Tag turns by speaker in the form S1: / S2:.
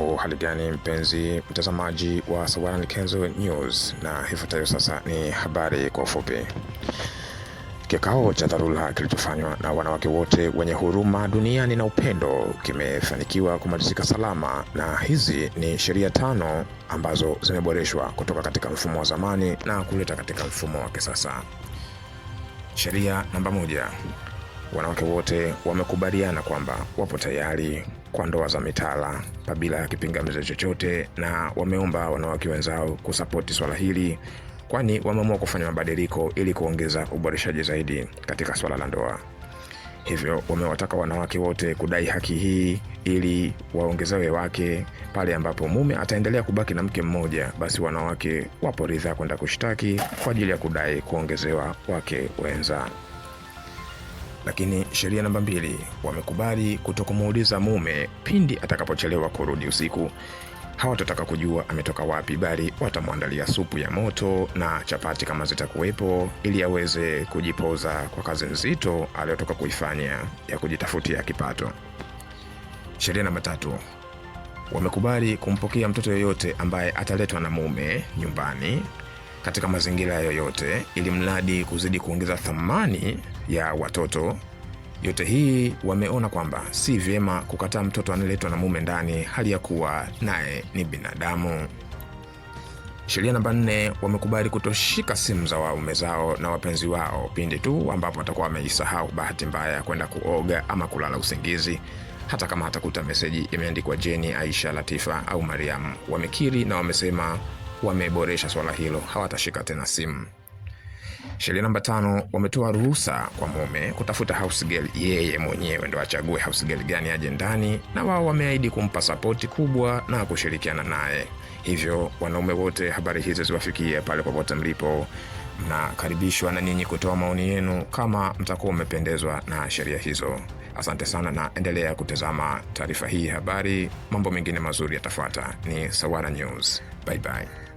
S1: U hali gani, mpenzi mtazamaji wa Sawaran Kenzo News, na ifuatayo sasa ni habari kwa ufupi. Kikao cha dharura kilichofanywa na wanawake wote wenye huruma duniani na upendo kimefanikiwa kumalizika salama, na hizi ni sheria tano ambazo zimeboreshwa kutoka katika mfumo wa zamani na kuleta katika mfumo wa kisasa. Sheria namba moja Wanawake wote wamekubaliana kwamba wapo tayari kwa ndoa za mitala pabila ya kipingamizo chochote, na wameomba wanawake wenzao kusapoti swala hili, kwani wameamua kufanya mabadiliko ili kuongeza uboreshaji zaidi katika swala la ndoa. Hivyo wamewataka wanawake wote kudai haki hii ili waongezewe wake. Pale ambapo mume ataendelea kubaki na mke mmoja, basi wanawake wapo ridhaa kwenda kushtaki kwa ajili ya kudai kuongezewa wake wenza lakini sheria namba mbili wamekubali kutokumuuliza mume pindi atakapochelewa kurudi usiku. Hawatataka kujua ametoka wapi, bali watamwandalia supu ya moto na chapati kama zitakuwepo, ili aweze kujipoza kwa kazi nzito aliyotoka kuifanya ya kujitafutia kipato. Sheria namba tatu wamekubali kumpokea mtoto yoyote ambaye ataletwa na mume nyumbani katika mazingira yoyote, ili mradi kuzidi kuongeza thamani ya watoto. Yote hii wameona kwamba si vyema kukataa mtoto anayeletwa na mume ndani hali ya kuwa naye ni binadamu. Sheria namba nne, wamekubali kutoshika simu za waume zao na wapenzi wao pindi tu ambapo watakuwa wameisahau bahati mbaya ya kwenda kuoga ama kulala usingizi, hata kama hatakuta meseji imeandikwa Jeni, Aisha, Latifa au Mariam. Wamekiri na wamesema wameboresha swala hilo, hawatashika tena simu. Sheria namba tano, wametoa ruhusa kwa mume kutafuta house girl, yeye mwenyewe ndo achague house girl gani aje ndani, na wao wameahidi kumpa sapoti kubwa na kushirikiana naye. Hivyo wanaume wote, habari hizo ziwafikie pale popote mlipo. Mnakaribishwa na ninyi kutoa maoni yenu kama mtakuwa umependezwa na sheria hizo. Asante sana na endelea kutazama taarifa hii habari. Mambo mengine mazuri yatafuata. Ni Sawara News. Bye bye.